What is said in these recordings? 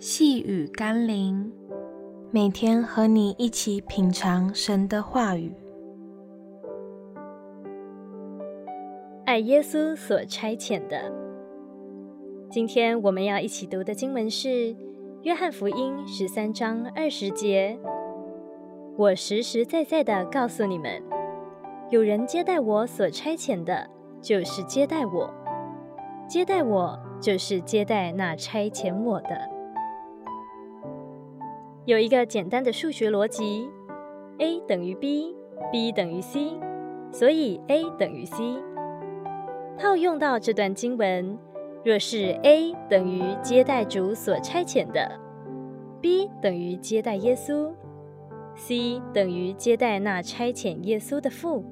細語甘霖，每天和你一起品嘗神的話語，愛耶穌所差遣的。今天我們要一起讀的經文是《約翰福音》十三章二十節：“我實實在在的告訴你們，有人接待我所差遣的，就是接待我；接待我，就是接待那差遣我的。”有一個簡單的數學邏輯：a 等於 b，b 等於 c，所以 a 等於 c。套用到這段經文，若是 a 等於接待主所差遣的，b 等於接待耶穌，c 等於接待那差遣耶穌的父，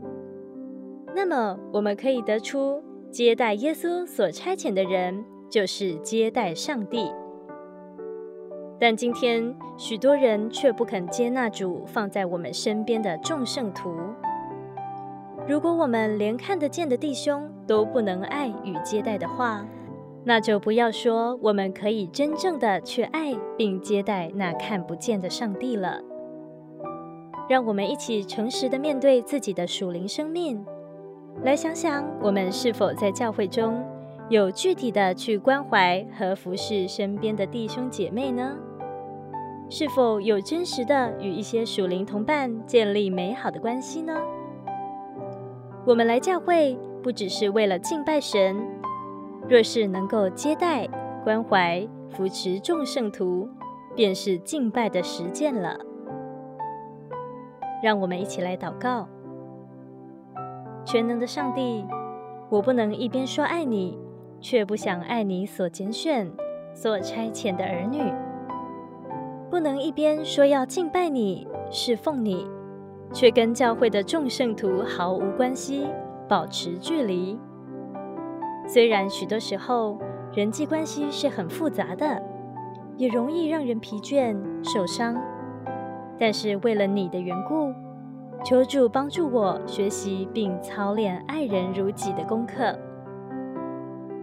那麼我們可以得出，接待耶穌所差遣的人就是接待上帝。但今天，許多人卻不肯接納主放在我們身邊的眾聖徒。如果我們連看得見的弟兄都不能愛與接待的話，那就不要說我們可以真正地去愛並接待那看不見的上帝了。讓我們一起誠實地面對自己的屬靈生命，來想想我們是否在教會中，有具體的去關懷和服侍身邊的弟兄姐妹呢？是否有真實的與一些屬靈同伴建立美好的關係呢？我們來教會不只是為了敬拜神，若是能夠接待、關懷、扶持眾聖徒，便是敬拜的實踐了。讓我們一起來禱告。全能的上帝，我不能一邊說愛你，卻不想愛你所揀選、所差遣的兒女，不能一邊說要敬拜你、侍奉你，卻跟教會的眾聖徒毫無關係，保持距離。雖然許多時候，人際關係是很複雜的，也容易讓人疲倦、受傷，但是為了你的緣故，求主幫助我學習並操練愛人如己的功課。